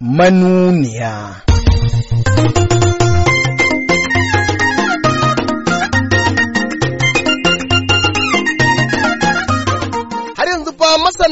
manuniya.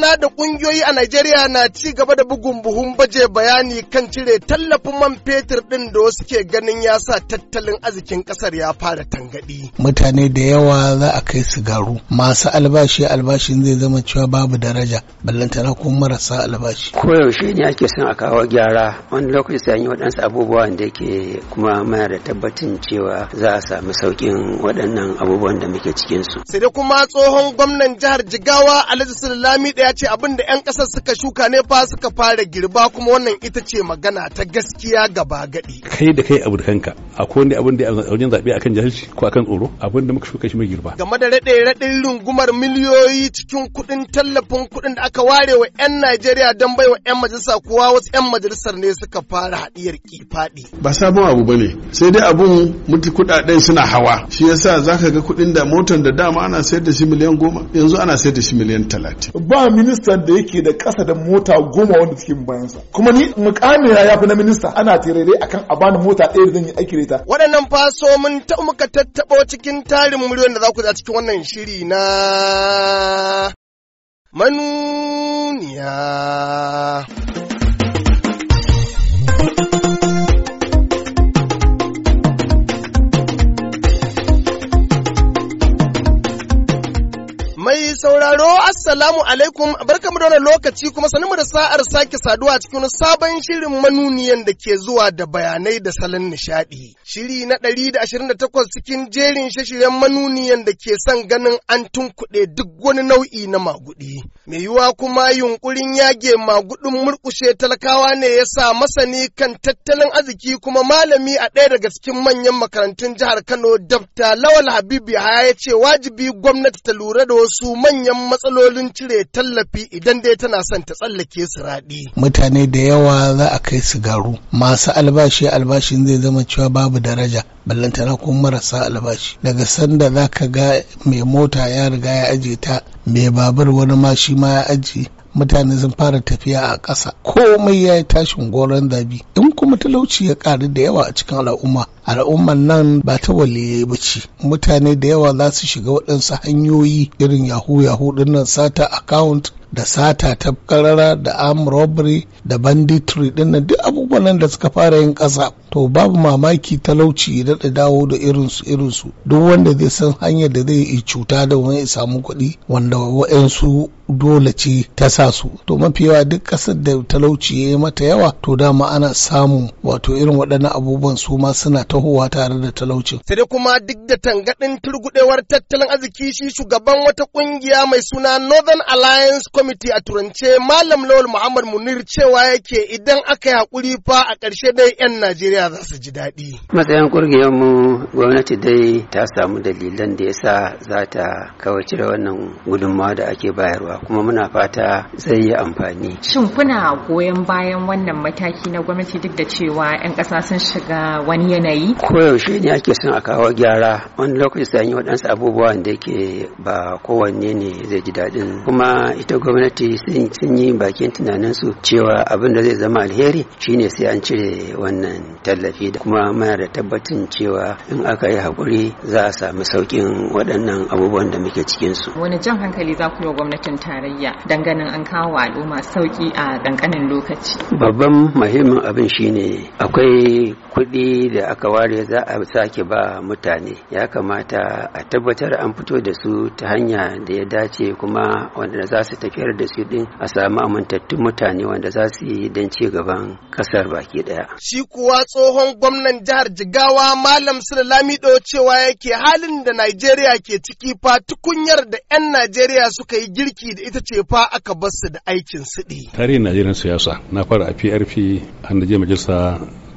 gona da kungiyoyi a Najeriya na ci gaba da bugun buhun baje bayani kan cire tallafin man fetur ɗin da wasu ke ganin ya sa tattalin arzikin ƙasar ya fara tangaɗi. Mutane da yawa za a kai su garu. Masu albashi albashin zai zama cewa babu daraja ballantana ko marasa albashi. Koyaushe ne ake son a kawo gyara wani lokaci sai yi waɗansu abubuwan da ke kuma mana da tabbacin cewa za a samu sauƙin waɗannan abubuwan da muke cikinsu. Sai da kuma tsohon gwamnan jihar Jigawa Alhaji Sulami ɗaya ce abin da 'yan ƙasar suka shuka ne fa suka fara girba kuma wannan ita ce magana ta gaskiya gaba gadi. Kai da kai abu da kanka akwai wanda abin da a wajen zaɓe akan jahilci ko akan tsoro abin da muka shuka shi mai girba. Game da raɗe raɗin rungumar miliyoyi cikin kuɗin tallafin kuɗin da aka ware wa 'yan Najeriya don bai wa 'yan majalisa kuwa wasu 'yan majalisar ne suka fara haɗiyar kifaɗi. Ba sabon abu ba ne sai dai abun mutu kuɗaɗen suna hawa shi yasa ka ga kuɗin da motar da dama ana sayar da shi miliyan goma yanzu ana sayar da shi miliyan talatin. Ba ministan da yake da kasa da mota goma wanda suke bayansa kuma ni mukamina ya fi na minista ana tirare akan a bani mota ɗaya da zan yi aiki da ita waɗannan faso mun ta muka tattaɓo cikin tarin muryoyin da za ku a cikin wannan shiri na manuniya mai sauraro Assalamu alaikum, barkamu da wani lokaci kuma sanin da sa'ar sake saduwa cikin sabon shirin manuniyan da ke zuwa da bayanai da salon nishaɗi. Shiri na ɗari da da takwas cikin jerin shashiren manuniyan da ke son ganin an tunkuɗe duk wani nau'i na maguɗi. Mai yiwuwa kuma yunƙurin yage magudin murƙushe talakawa ne ya sa masani kan tattalin arziki kuma malami a ɗaya daga cikin manyan makarantun jihar Kano, Dabta Lawal Habibu ya ce wajibi gwamnati ta lura da wasu manyan matsaloli matsalolin cire tallafi idan dai tana son ta tsallake su raɗi. Mutane da yawa za a kai su garu, masu albashi albashin zai zama cewa babu daraja, ballantana kuma marasa albashi. Daga sanda za ka ga mai mota ya riga ya aje ta, mai babur wani ma shi ma ya aje, mutane sun fara tafiya a ƙasa komai ya yi tashin goron zabi in kuma talauci ya ƙaru da yawa a cikin al'umma al'umman nan ba ta waliyai ba ce mutane da yawa za su shiga waɗansu hanyoyi irin yahoo yahu ɗinnan sata account da sata ta karara da arm robbery da banditry din nan duk abubuwan nan da suka fara yin ƙasa to babu mamaki talauci da da dawo da irinsu irinsu duk wanda zai san hanyar da zai yi cuta da wani ya samu kuɗi wanda wa'yansu dole ce ta sa su to mafi yawa duk ƙasar da talauci ya yi mata yawa to dama ana samu wato irin waɗannan abubuwan su ma suna tahowa tare da talaucin sai dai kuma duk da tangaɗin turgudewar tattalin arziki shi shugaban wata ƙungiya mai suna Northern Alliance kwamiti a turance Malam Lawal Muhammad Munir cewa yake idan aka yi hakuri fa a ƙarshe dai 'yan Najeriya za su ji daɗi. Matsayin mu gwamnati dai ta samu dalilan da yasa za ta kawai wannan gudunmawa da ake bayarwa kuma muna fata zai yi amfani. Shin kuna goyon bayan wannan mataki na gwamnati duk da cewa 'yan ƙasa sun shiga wani yanayi? Koyaushe ne ake son a kawo gyara wani lokaci sanyi waɗansu abubuwan da yake ba kowanne ne zai ji daɗin kuma ita gwamnati sun yi bakin tunaninsu cewa abin da zai zama alheri shine sai an cire wannan tallafi da kuma mana da tabbacin cewa in aka yi haƙuri za a samu sauƙin waɗannan abubuwan da muke cikinsu. wani jan hankali za ku yi wa gwamnatin tarayya danganin an kawo al'umma sauƙi a dankanin lokaci. babban muhimmin abin shine akwai kuɗi da aka ware za a sake ba mutane ya kamata a tabbatar an fito da su ta hanya da ya dace kuma wanda za su tafi tafiyar da su din a samu amintattun mutane wanda za su yi don ci gaban kasar baki daya. Shi kuwa tsohon gwamnan jihar Jigawa Malam Lamido cewa yake halin da Najeriya ke ciki fa tukunyar da 'yan Najeriya suka yi girki da ita ce fa aka bar su da aikin siɗi. Tarihin Najeriya siyasa na fara a PRP an da je majalisa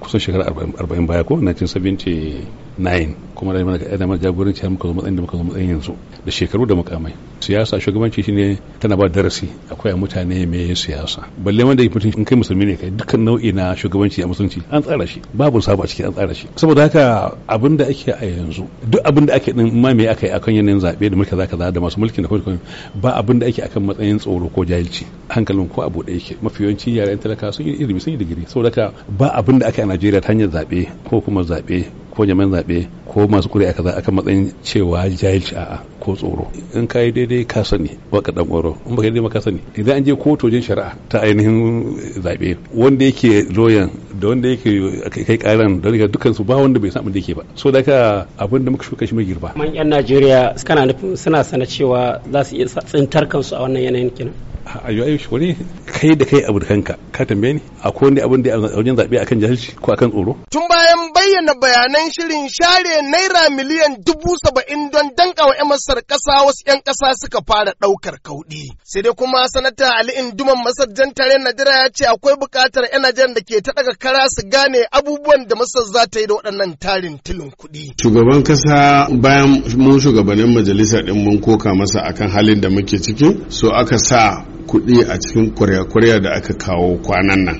kusan shekara 40 baya ko 1970 nine kuma da yana mana jagoranci har muka zo matsayin da muka zo matsayin yanzu da shekaru da mukamai siyasa shugabanci shine tana ba darasi akwai mutane yin siyasa balle wanda ya mutum in kai musulmi ne kai dukkan nau'i na shugabanci a musulunci an tsara shi babu sabu a cikin an tsara shi saboda haka abin da ake a yanzu duk abin da ake din ma me aka yi akan yanayin zabe da mulki zaka za da masu mulkin da kuma ba abin da ake akan matsayin tsoro ko jahilci hankalin ko abu da yake mafi yawanci yaran talaka sun yi ilimi sun yi digiri saboda haka ba abin da aka yi a Najeriya ta hanyar zabe ko kuma zabe ko jami'an zaɓe ko masu kuri'a kaza akan matsayin cewa jahilci a'a ko tsoro in ka yi daidai ka sani wa ka tsoro in baka daidai ka sani idan an je kotu wajen shari'a ta ainihin zaɓe wanda yake loyan da wanda yake kai karan da dukkan su ba wanda bai san da yake ba so da ka abin da muka shuka shi mai girba man yan Najeriya suna sana cewa za su iya tsintar kansu a wannan yanayin kenan a yi wani kai da kai abu da kanka ka tambaye ni akwai wani abin da a wajen zaɓe akan jahilci ko akan tsoro. tun bayan bayyana bayanan shirin share naira miliyan dubu saba'in don danka wa 'yan masar ƙasa wasu 'yan ƙasa suka fara ɗaukar kauɗi sai dai kuma sanata ali induman masar jan tare najeriya ya ce akwai buƙatar 'yan najeriya da ke ta ɗaga kara su gane abubuwan da masar za ta yi da waɗannan tarin tilin kuɗi. shugaban kasa bayan mun shugabannin majalisa ɗin mun koka masa akan halin da muke ciki so aka sa kuɗi a cikin kwarya-kwarya da aka kawo kwanan nan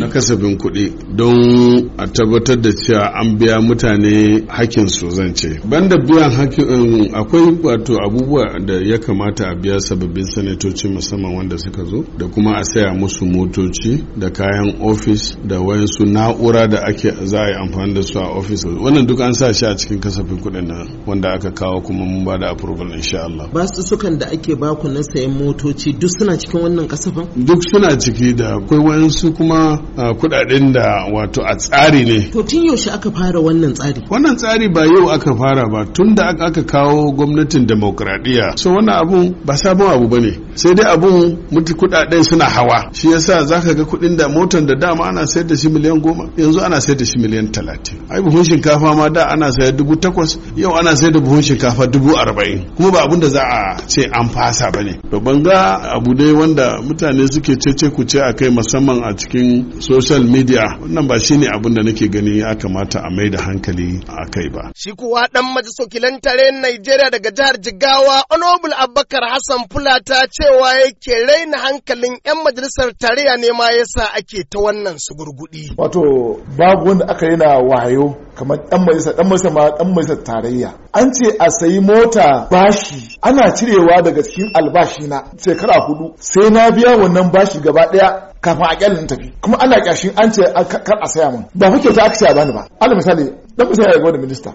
na kasafin kuɗi don a tabbatar da cewa an biya mutane hakin su zance banda biyan hakin um, akwai wato abubuwa da ya kamata a biya sababbin sanatoci musamman wanda suka zo da kuma a saya musu motoci da kayan ofis da wayansu na'ura da ake za a yi amfani da su a ofis wannan duk an sa shi a cikin kasafin kuɗin na wanda aka kawo kuma mun ba da approval insha Allah ba su sukan da ake baku na sayan motoci duk suna cikin wannan kasafin duk suna ciki da akwai wayansu kuma ah, kudaden da wato a tsari ne to tun yaushe aka fara wannan tsari wannan tsari ba yau aka fara ba tun da aka kawo gwamnatin demokradiyya so wannan abun ba sabon abu bane sai dai abun mutu kudaden suna hawa shi yasa zaka ga kudin da motar da dama ana sayar da shi miliyan goma yanzu ana sayar da shi miliyan talatin ai buhun shinkafa ma da ana sayar dubu takwas yau ana sayar da buhun shinkafa dubu arba'in kuma ba abun da za a ce an fasa bane to ban ga abu ne wanda mutane suke cece ku ce akai musamman a cikin social media wannan ba shine abin da nake gani ya kamata a mai da hankali a kai ba shi kuwa dan majalisokilan tarayyar Najeriya daga jihar Jigawa Honorable Abubakar Hassan Fulata cewa yake raina hankalin yan majalisar tarayya ne ma yasa ake ta wannan su gurgudi wato babu wanda aka yi na wayo kamar dan majalisa dan majalisa ma dan majalisa tarayya an ce a sayi mota bashi ana cirewa daga cikin albashi na shekara hudu sai na biya wannan bashi gaba daya kafin a kyalin tafi kuma ana kyashin an ce kar a saya mun ba kuke ta aka ce a bani ba ala misali dan misali ga wani minista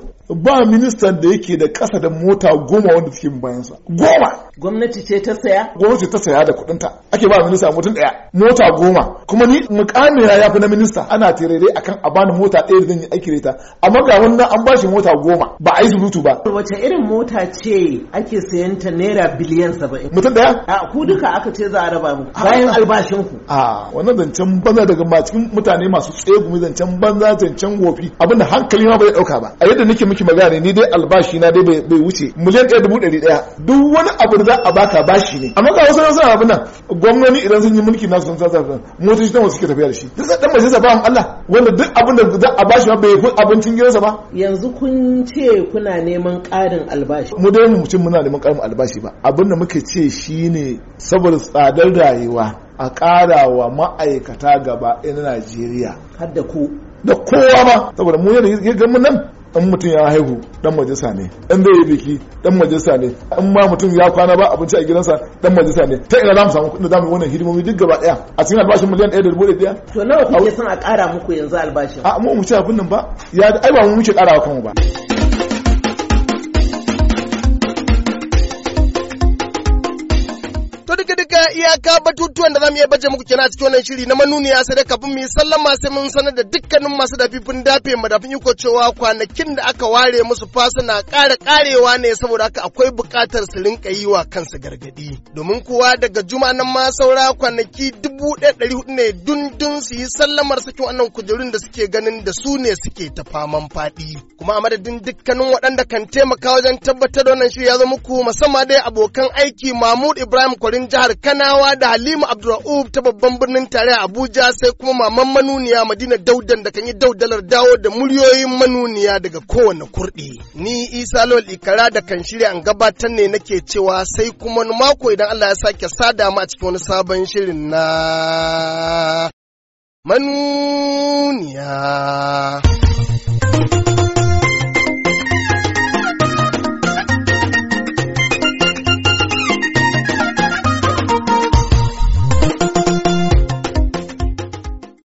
ba minista da yake da kasa da mota goma wanda suke bayan bayansa goma gwamnati ce ta saya gwamnati ta saya da kudin ta ake ba minista mutum daya mota goma kuma ni mukami ya yafi na minista ana tirere akan a bani mota ɗaya da zan yi aiki da ita amma ga wannan an bashi mota goma ba a yi surutu ba wace irin mota ce ake sayanta naira biliyan saba'in mutum daya a ku duka aka ce za a raba mu bayan albashin ku aa wannan zancen banza daga ma cikin mutane masu tsegumi zancen banza zancen gofi abinda hankali ma bai dauka ba a yadda nake miki magana ni dai albashi na dai bai wuce miliyan ɗaya dubu ɗari ɗaya duk wani abu da za a baka bashi ne amma ga wasu nasarar abin nan gwamnoni idan sun yi mulki nasu sun sasa motoci ta wasu ke tafiya da shi duk dan majalisa ba Allah wanda duk abin da za a bashi ma bai fi abincin gidansa ba yanzu kun ce kuna neman ƙarin albashi mu dai mu mutum muna neman ƙarin albashi ba abin da muke ce shine saboda tsadar rayuwa a ƙara wa ma'aikata gaba ɗaya na najeriya har da ku da kowa ma saboda mu yadda yi gamu nan ɗan mutum ya haihu dan majalisa ne in zai yi biki dan majalisa ne in ma mutum ya kwana ba abinci a gidansa dan majalisa ne ta ina zamu samu kuɗin da zamu wannan hidimomi duk gaba daya a cikin albashin miliyan ɗaya. to nawa kuke son a ƙara muku yanzu albashin a mu mu ce abin nan ba ya ai ba mu muke ƙarawa kanmu ba duka duka iyaka batutuwan da za mu iya baje muku kenan cikin wannan shiri na manuniya ya da kafin mu yi sallama sai mun sanar da dukkanin masu dafifin dafe madafin iko cewa kwanakin da aka ware musu fasu na ƙara ƙarewa ne saboda haka akwai buƙatar su rinka yi wa kansu gargadi domin kuwa daga juma nan ma saura kwanaki dubu ɗaya ɗari hudu ne dundun su yi sallamar sakin wannan kujerun da suke ganin da su ne suke ta faman faɗi kuma a madadin dukkanin waɗanda kan taimaka wajen tabbatar da wannan shiri ya zo muku musamman dai abokan aiki Mahmud Ibrahim Kwarin jihar Kanawa da Halima Abdulra'uf ta babban birnin tarayya Abuja sai kuma maman manuniya Madina Daudan da kan yi daudalar dawo da muryoyin manuniya daga kowane kurɗi. Ni Isa Lawal Ikara da kan shirya an gabatar ne nake cewa sai kuma mako idan Allah ya sake sada mu a cikin wani sabon shirin na manuniya.